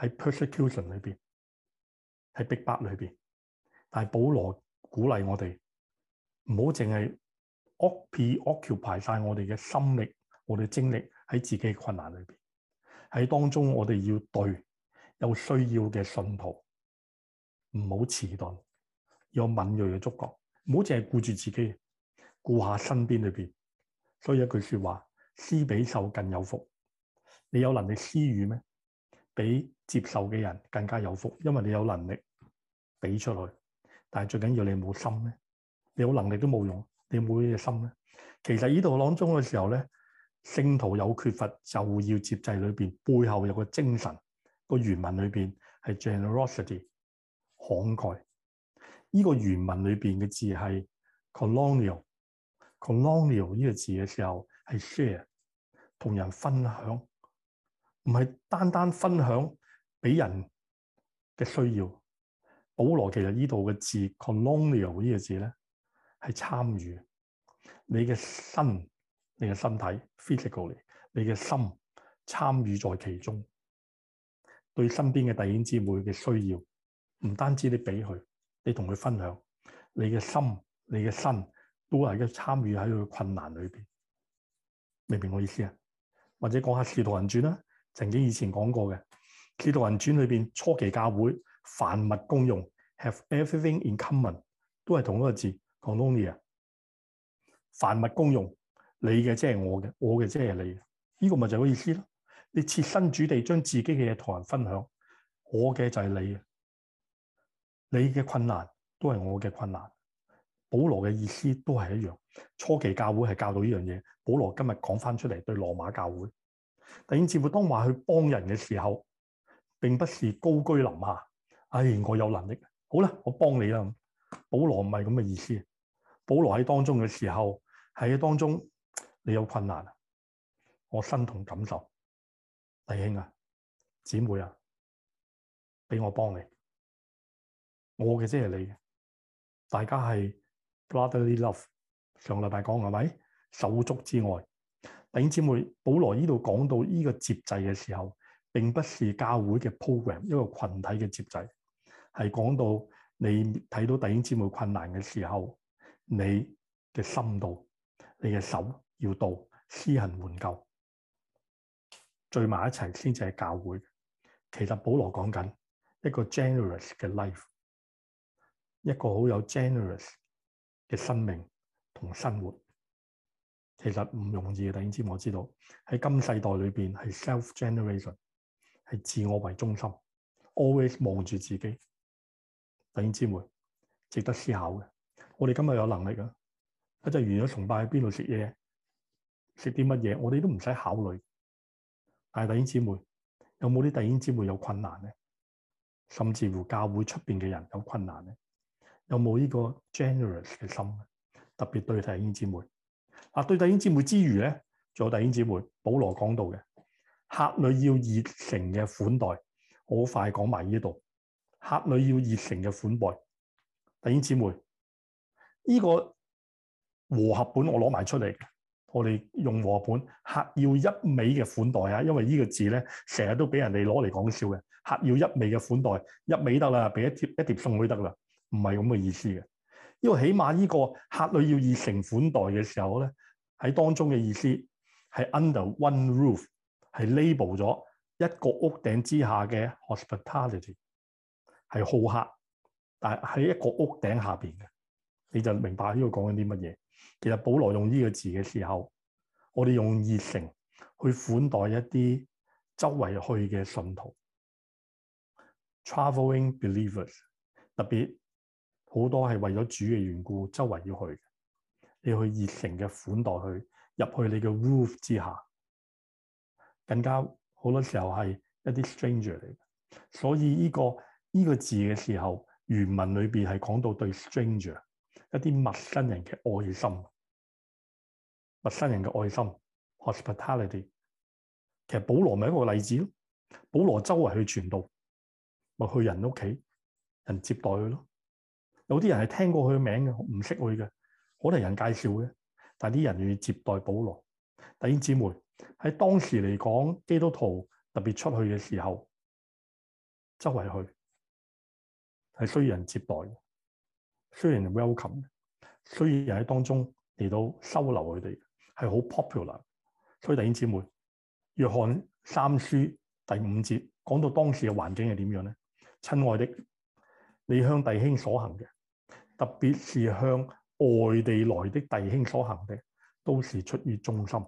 喺 persecution 裏邊，喺逼迫裏邊，但係保羅鼓勵我哋唔好淨係 occupy occupy 晒我哋嘅心力，我哋精力喺自己嘅困難裏邊。喺當中我哋要對有需要嘅信徒唔好遲鈍，有敏銳嘅觸覺，唔好淨係顧住自己，顧下身邊裏邊。所以一句說話，施比受更有福。你有能力施予咩？比接受嘅人更加有福，因為你有能力俾出去，但係最緊要你冇心咧。你有能力都冇用，你冇呢個心咧。其實呢度當中嘅時候咧，聖徒有缺乏就要接濟，裏邊背後有個精神，個原文裏邊係 generosity 慷慨。呢、這個原文裏邊嘅字係 colonial，colonial 呢 col 個字嘅時候係 share，同人分享。唔係單單分享俾人嘅需要。保羅其實呢度嘅字 koinonia 呢個字咧係參與你嘅身、你嘅身體 physically，你嘅心參與在其中，對身邊嘅弟兄姊妹嘅需要，唔單止你俾佢，你同佢分享，你嘅心、你嘅身都係一個參與喺佢困難裏邊。明唔明我意思啊？或者講下士《士徒人傳》啦。曾經以前講過嘅《啟導人傳裡面》裏邊初期教會凡物公用，have everything in common，都係同一個字，koinonia。凡物公用，你嘅即係我嘅，我嘅即係你。呢、這個咪就係個意思咯。你設身處地將自己嘅嘢同人分享，我嘅就係你嘅，你嘅困難都係我嘅困難。保羅嘅意思都係一樣，初期教會係教到呢樣嘢。保羅今日講翻出嚟對羅馬教會。弟兄，姊妹當話去幫人嘅時候，並不是高居臨下。哎，我有能力，好啦，我幫你啦。保羅唔係咁嘅意思。保羅喺當中嘅時候，喺當中你有困難，我身同感受。弟兄啊，姊妹啊，俾我幫你。我嘅即係你，大家係 brotherly love 上個禮拜講係咪手足之外？弟兄姊妹，保羅呢度講到呢個接濟嘅時候，並不是教會嘅 program 一個群體嘅接濟。係講到你睇到弟兄姐妹困難嘅時候，你嘅心度，你嘅手要到，施行援救，聚埋一齊先至係教會。其實保羅講緊一個 generous 嘅 life，一個好有 generous 嘅生命同生活。其實唔容易嘅，弟兄姊妹，我知道喺今世代裏邊係 self-generation，係自我為中心，always 望住自己。弟兄姊妹，值得思考嘅。我哋今日有能力啊，一就完咗崇拜喺邊度食嘢，食啲乜嘢，我哋都唔使考慮。但係弟兄姊妹，有冇啲弟兄姊妹有困難咧？甚至乎教會出邊嘅人有困難咧？有冇呢個 generous 嘅心？特別對睇弟兄姊妹。啊！對弟兄姊妹之餘咧，仲有弟兄姊妹。保羅講到嘅客旅要熱誠嘅款待，好快講埋依度。客旅要熱誠嘅款，款待，弟兄姊妹，呢、呢個和合本我攞埋出嚟，我哋用和本，客要一味嘅款待啊！因為個呢個字咧，成日都俾人哋攞嚟講笑嘅，客要一味嘅款待，一味得啦，俾一碟一碟餸都得啦，唔係咁嘅意思嘅。因為起碼呢個客旅要熱誠款待嘅時候咧，喺當中嘅意思係 under one roof 係 label 咗一個屋頂之下嘅 hospitality 係好客，但係喺一個屋頂下邊嘅你就明白呢個講緊啲乜嘢。其實保羅用呢個字嘅時候，我哋用熱誠去款待一啲周圍去嘅信徒，traveling believers 特別。好多係為咗主嘅緣故，周圍要去，你去熱情嘅款待佢入去你嘅 roof 之下，更加好多時候係一啲 stranger 嚟嘅。所以呢個呢個字嘅時候，原文裏邊係講到對 stranger 一啲陌生人嘅愛心，陌生人嘅愛心 hospitality。其實保羅咪一個例子咯，保羅周圍去傳道，咪去人屋企人接待佢咯。有啲人係聽過佢嘅名嘅，唔識佢嘅，可能人介紹嘅。但係啲人願意接待保羅。弟兄姊妹喺當時嚟講，基督徒特別出去嘅時候，周圍去係需要人接待嘅。需要人 welcome，需要人喺當中嚟到收留佢哋，係好 popular。所以弟兄姊妹，約翰三書第五節講到當時嘅環境係點樣咧？親愛的，你向弟兄所行嘅。特別是向外地來的弟兄所行的，都是出於忠心。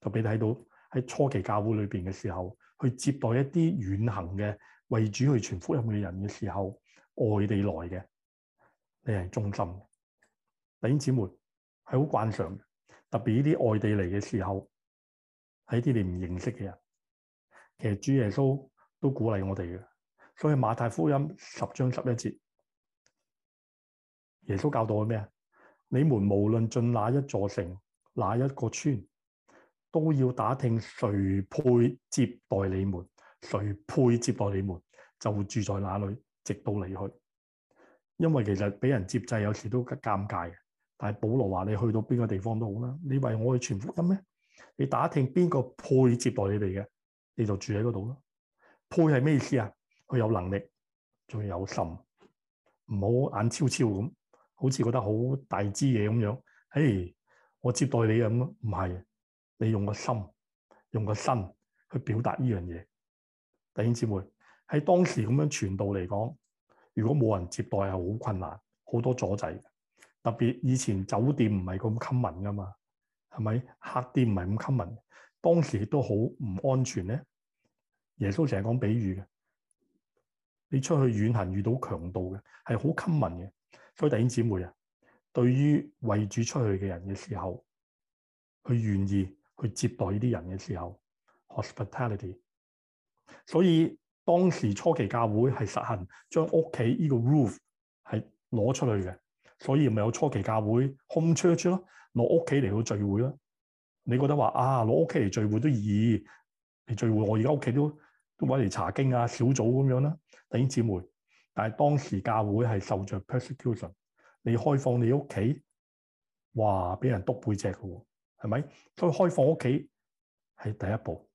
就俾你睇到喺初期教會裏邊嘅時候，去接待一啲遠行嘅為主去傳福音嘅人嘅時候，外地來嘅，你係忠心，弟兄姊妹係好慣常嘅。特別呢啲外地嚟嘅時候，係一啲你唔認識嘅人，其實主耶穌都鼓勵我哋嘅。所以馬太福音十章十一節。耶穌教導我咩啊？你們無論進哪一座城、哪一個村，都要打聽誰配接待你們，誰配接待你們，就會住在那裏，直到離去。因為其實俾人接濟有時都尷尬嘅。但係保羅話：你去到邊個地方都好啦，你為我去傳福音咩？你打聽邊個配接待你哋嘅，你就住喺嗰度咯。配係咩意思啊？佢有能力，仲有心，唔好眼超超咁。好似覺得好大支嘢咁樣，誒，我接待你啊咁，唔係，你用個心，用個身去表達呢樣嘢。弟兄姊妹喺當時咁樣傳道嚟講，如果冇人接待係好困難，好多阻滯，特別以前酒店唔係咁禁民㗎嘛，係咪？客店唔係咁禁民。當時亦都好唔安全咧。耶穌成日講比喻嘅，你出去遠行遇到強盜嘅，係好禁民嘅。所以弟兄姊妹啊，對於為主出去嘅人嘅時候，佢願意去接待呢啲人嘅時候，hospitality。所以當時初期教會係實行將屋企呢個 roof 係攞出去嘅，所以咪有初期教會 home church 咯，攞屋企嚟到聚會啦。你覺得話啊，攞屋企嚟聚會都易你聚會我，我而家屋企都都揾嚟查經啊、小組咁樣啦，弟兄姊妹。但係當時教會係受着 persecution，你開放你屋企，哇俾人督背脊噶喎，係咪？所以開放屋企係第一步，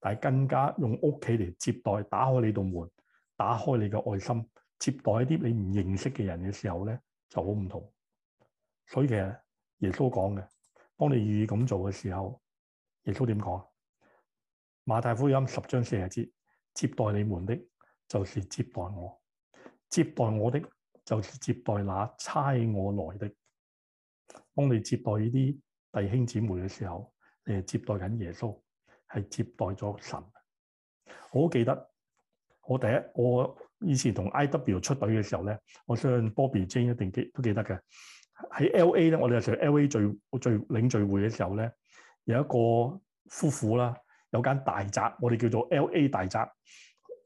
但係更加用屋企嚟接待，打開你度門，打開你嘅愛心，接待一啲你唔認識嘅人嘅時候咧就好唔同。所以其實耶穌講嘅，當你願意咁做嘅時候，耶穌點講啊？馬太福音十章四十節，接待你們的，就是接待我。接待我的，就是接待那差我來的。當你接待呢啲弟兄姊妹嘅時候，你係，接待緊耶穌，係接待咗神。我好記得，我第一，我以前同 I.W 出隊嘅時候咧，我相信 Bobby Jane 一定記都記得嘅。喺 L.A 咧，我哋有時候 L.A 聚聚領聚，聚，聚，聚會嘅時候咧，有一個夫婦啦，有間大宅，我哋叫做 L.A 大宅。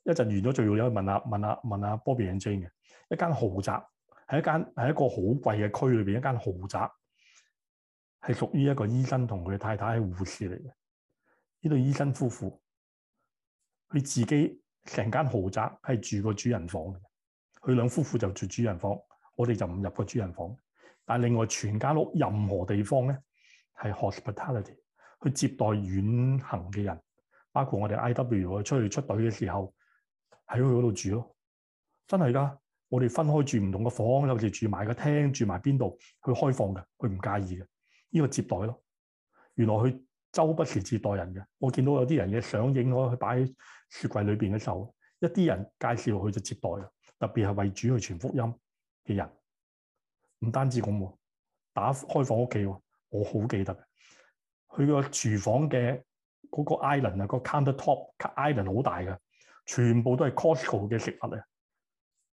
一陣完咗聚會，又去問下問阿問阿 Bobby and Jane 嘅一間豪宅，係一間係一個好貴嘅區裏邊一間豪宅，係屬於一個醫生同佢太太係護士嚟嘅。呢對醫生夫婦，佢自己成間豪宅係住個主人房，佢兩夫婦就住主人房，我哋就唔入個主人房。但另外全家屋任何地方咧係 hospitality，去接待遠行嘅人，包括我哋 I.W. 出去出隊嘅時候。喺佢嗰度住咯，真係噶！我哋分開住唔同嘅房，有時住埋個廳，住埋邊度，佢開放嘅，佢唔介意嘅。呢、這個接待咯，原來佢周不時接待人嘅。我見到有啲人嘅相影咗，佢擺喺雪櫃裏邊嘅時候，一啲人介紹佢就接待啊。特別係為主去傳福音嘅人，唔單止咁喎，打開放屋企喎。我好記得嘅。佢個廚房嘅嗰個 island 啊，個 countertop island 好大嘅。全部都係 Costco 嘅食物咧，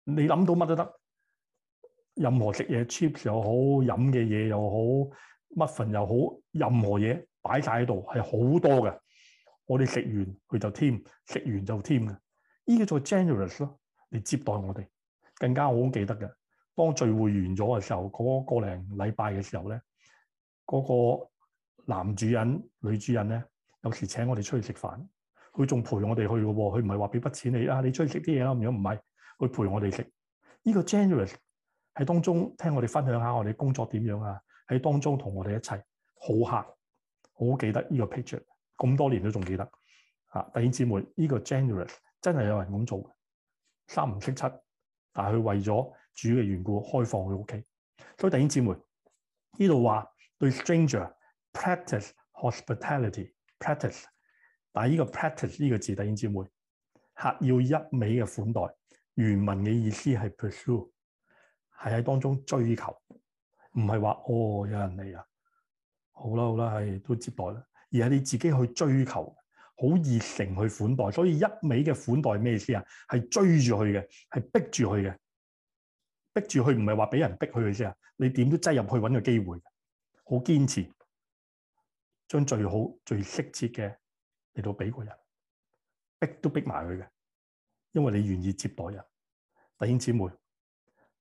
你諗到乜都得，任何食嘢 chips 又好，飲嘅嘢又好，乜份又好，任何嘢擺晒喺度係好多嘅。我哋食完佢就添，食完就添嘅。呢叫做 generous 咯，你接待我哋更加好記得嘅。當聚會完咗嘅時候，嗰個零禮拜嘅時候咧，嗰個男主人、女主人咧，有時請我哋出去食飯。佢仲陪我哋去個喎，佢唔係話俾筆錢你啊，你出去食啲嘢啦。如果唔係，佢陪我哋食。呢個 generous 喺當中聽我哋分享下我哋工作點樣啊，喺當中同我哋一齊。好客，好，好記得呢個 picture，咁多年都仲記得。啊，弟兄姊妹，呢個 generous 真係有人咁做。三唔識七，但係佢為咗主嘅緣故開放佢屋企。所以弟兄姊妹，呢度話對 stranger practice hospitality practice。但係呢個 practice 呢個字，弟兄姊妹，客要一味嘅款待。原文嘅意思係 pursue，係喺當中追求，唔係話哦有人嚟啊，好啦好啦係、哎、都接待啦，而係你自己去追求，好熱誠去款待。所以一味嘅款待咩意思啊？係追住佢嘅，係逼住佢嘅，逼住佢唔係話俾人逼佢嘅意思啊。你點都擠入去揾個機會，好堅持，將最好最適切嘅。嚟到俾個人，逼都逼埋佢嘅，因為你願意接待人。弟兄姊妹，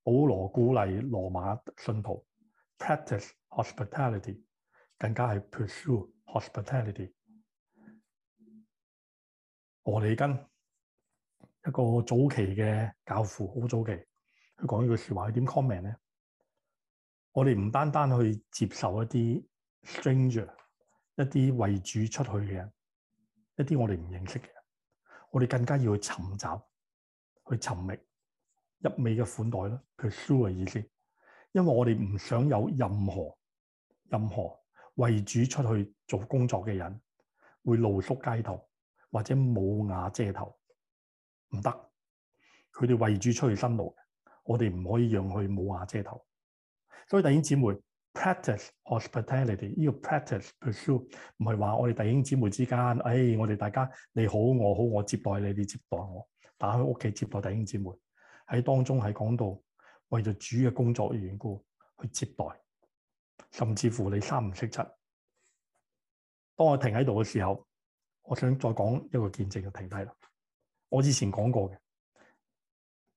保羅鼓勵羅馬信徒 practice hospitality，更加係 pursue hospitality。俄里根一個早期嘅教父，好早期，佢講呢句説話，佢點 comment 咧？我哋唔單單去接受一啲 stranger，一啲為主出去嘅人。一啲我哋唔認識嘅，我哋更加要去尋找、去尋覓一味嘅款待啦。佢輸嘅意思，因為我哋唔想有任何任何為主出去做工作嘅人會露宿街頭或者冇瓦遮頭，唔得。佢哋為主出去辛勞，我哋唔可以讓佢冇瓦遮頭。所以弟兄姊妹。Practice hospitality 呢個 practice pursue 唔係話我哋弟兄姊妹之間，誒、哎，我哋大家你好，我好，我接待你，你接待我，打開屋企接待弟兄姊妹，喺當中係講到為咗主嘅工作嘅緣故去接待，甚至乎你三唔識七。當我停喺度嘅時候，我想再講一個見證就停低啦。我之前講過嘅，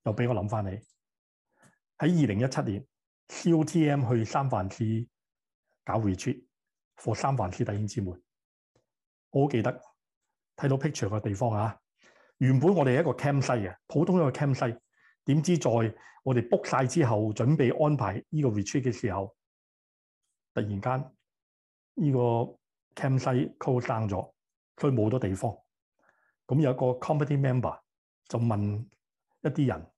又俾我諗翻你喺二零一七年。COTM 去三藩市搞 retreat，for 三藩市弟兄姊妹，我記得睇到 picture 個地方啊，原本我哋一個 camp site 嘅普通一個 camp site，點知在我哋 book 晒之後準備安排呢個 retreat 嘅時候，突然間呢個 camp site close down 咗，所以冇咗地方。咁有一個 committee member 就問一啲人。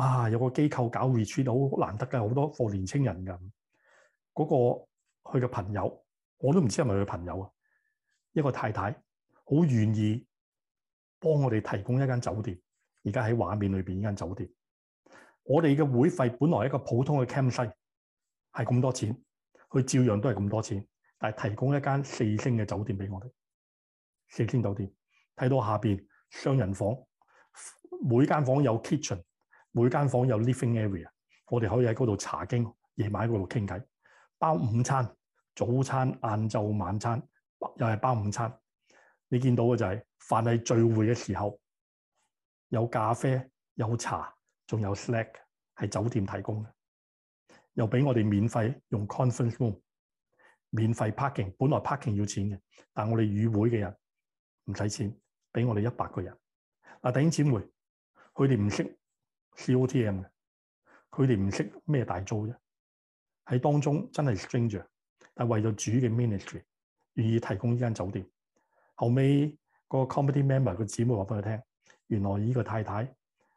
啊！有個機構搞 retreat 好難得㗎，好多個年青人㗎。嗰個佢嘅朋友，我都唔知係咪佢朋友啊。一個太太好願意幫我哋提供一間酒店，而家喺畫面裏邊呢間酒店。我哋嘅會費本來一個普通嘅 campsite 係咁多錢，佢照樣都係咁多錢，但係提供一間四星嘅酒店俾我哋。四星酒店睇到下邊雙人房，每間房有 kitchen。每間房有 living area，我哋可以喺嗰度查經，夜晚喺嗰度傾偈，包午餐、早餐、晏晝晚餐，又係包午餐。你見到嘅就係、是，凡係聚會嘅時候，有咖啡、有茶，仲有 snack，係酒店提供嘅。又俾我哋免費用 conference room，免費 parking。本來 parking 要錢嘅，但我哋與會嘅人唔使錢，俾我哋一百個人。阿頂姊回，佢哋唔識。COTM 嘅，佢哋唔識咩大租啫，喺當中真係 stranger，但係為咗主嘅 ministry，願意提供呢間酒店。後尾個 committee member 個姊妹話俾佢聽，原來呢個太太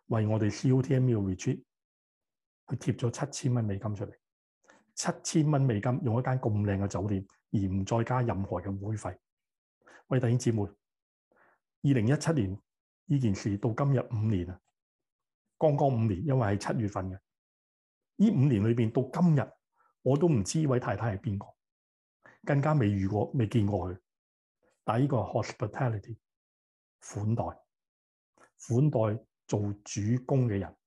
為我哋 COTM 嘅 retreat，佢貼咗七千蚊美金出嚟，七千蚊美金用一間咁靚嘅酒店，而唔再加任何嘅會費。喂，弟兄姊妹，二零一七年呢件事到今日五年啊！剛剛五年，因為係七月份嘅。呢五年裏面，到今日，我都唔知呢位太太係邊個，更加未遇過，未見過佢。但係呢個 hospitality 款待，款待做主公嘅人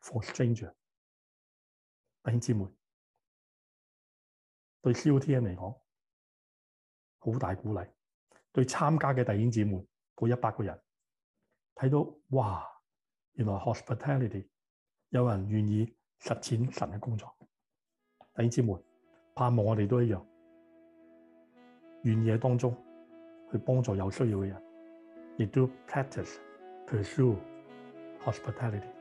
，for stranger 弟兄姐妹，對 COTM 嚟講好大鼓勵，對參加嘅弟兄姐妹嗰一百個人，睇到哇！原來 hospitality 有人願意實踐神嘅工作，弟兄姊妹盼望我哋都一樣，願意喺當中去幫助有需要嘅人，亦都 practice pursue hospitality。